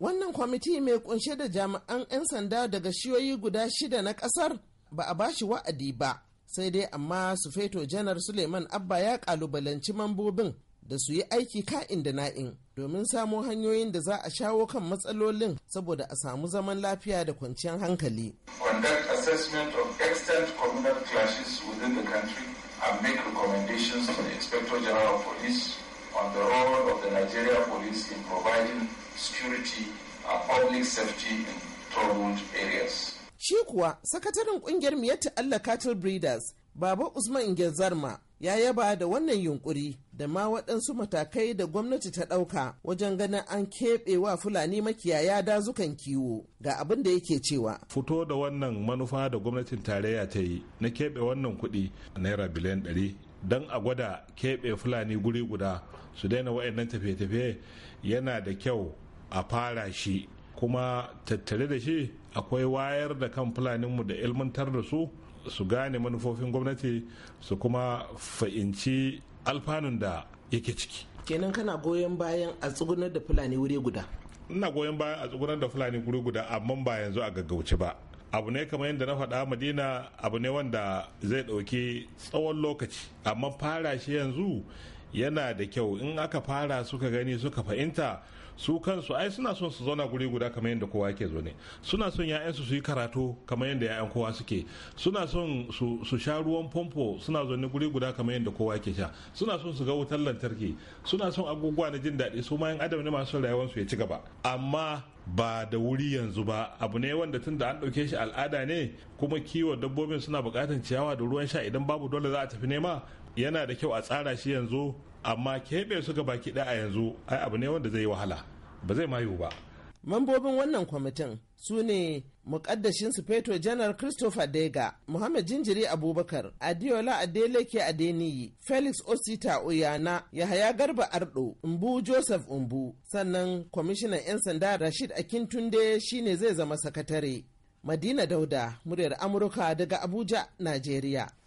Wannan kwamiti mai kunshe da jami'an 'yan sanda daga shiyoyi guda shida na kasar ba a bashi wa'adi ba, sai dai amma su feto janar Suleiman Abba ya kalubalanci mambobin da su yi aiki ka'in da na'in domin samo hanyoyin da za a shawo kan matsalolin saboda a samu zaman lafiya da kwanciyar hankali. Conduct assessment of communal clashes within the country and make recommendations to the Inspector General of Police on the role of the Nigeria police in providing security and uh, public safety in troubled areas. Shi kuwa sakataren kungiyar Miyatta Allah Cattle Breeders, Baba Usman Ingezarma, ya yaba da wannan yunkuri da ma waɗansu matakai da gwamnati ta ɗauka wajen ganin an keɓe wa fulani makiyaya dazukan kiwo ga abin da yake cewa. Fito da wannan manufa da gwamnatin tarayya ta yi na keɓe wannan kuɗi naira biliyan ɗari don a gwada keɓe fulani guri guda su daina wa'annan tafiye-tafiye yana da kyau a fara shi kuma tattare da shi akwai wayar da kan fulaninmu da ilmantar da su su gane manufofin gwamnati su kuma fahimci alfanun da yake ciki kenan kana goyon bayan a tsugunar da fulani wuri guda ina goyon bayan a tsugunar da fulani wuri guda amma ba yanzu a gaggauce ba abu ne kamar yadda na faɗa madina abu ne wanda zai ɗauki tsawon lokaci amma fara shi yanzu yana da kyau in aka fara suka gani suka fahimta su kansu ai suna son su zauna guri guda kamar yadda kowa ke zaune suna son ya'yansu su yi karatu kamar yadda ya'yan kowa suke suna son su sha ruwan famfo suna zaune guri guda kamar yadda kowa ke sha suna son su ga wutar lantarki suna son abubuwa na jin daɗi su ma yan adam ne masu rayuwarsu ya ci gaba amma ba da wuri yanzu ba abu ne wanda tun da an ɗauke shi al'ada ne kuma kiwon dabbobin suna buƙatar ciyawa da ruwan sha idan babu dole za a tafi nema yana da kyau a tsara shi yanzu amma keɓe su ga baki ɗaya a yanzu ai abu ne wanda zai yi wahala ba zai mayu ba Mambobin wannan kwamitin su ne mukaddashin sufeto janar Christopher Dega, Muhammad Jinjiri Abubakar, Adiola Adeleke Adeniyi, Felix Osita Oyana, Yahaya Garba Ardo, Mbu Joseph Umbu, sannan kwamishinan 'yan sanda Rashid Akintunde shine zai zama sakatare. Madina Dauda, muryar Amurka daga Abuja, Najeriya.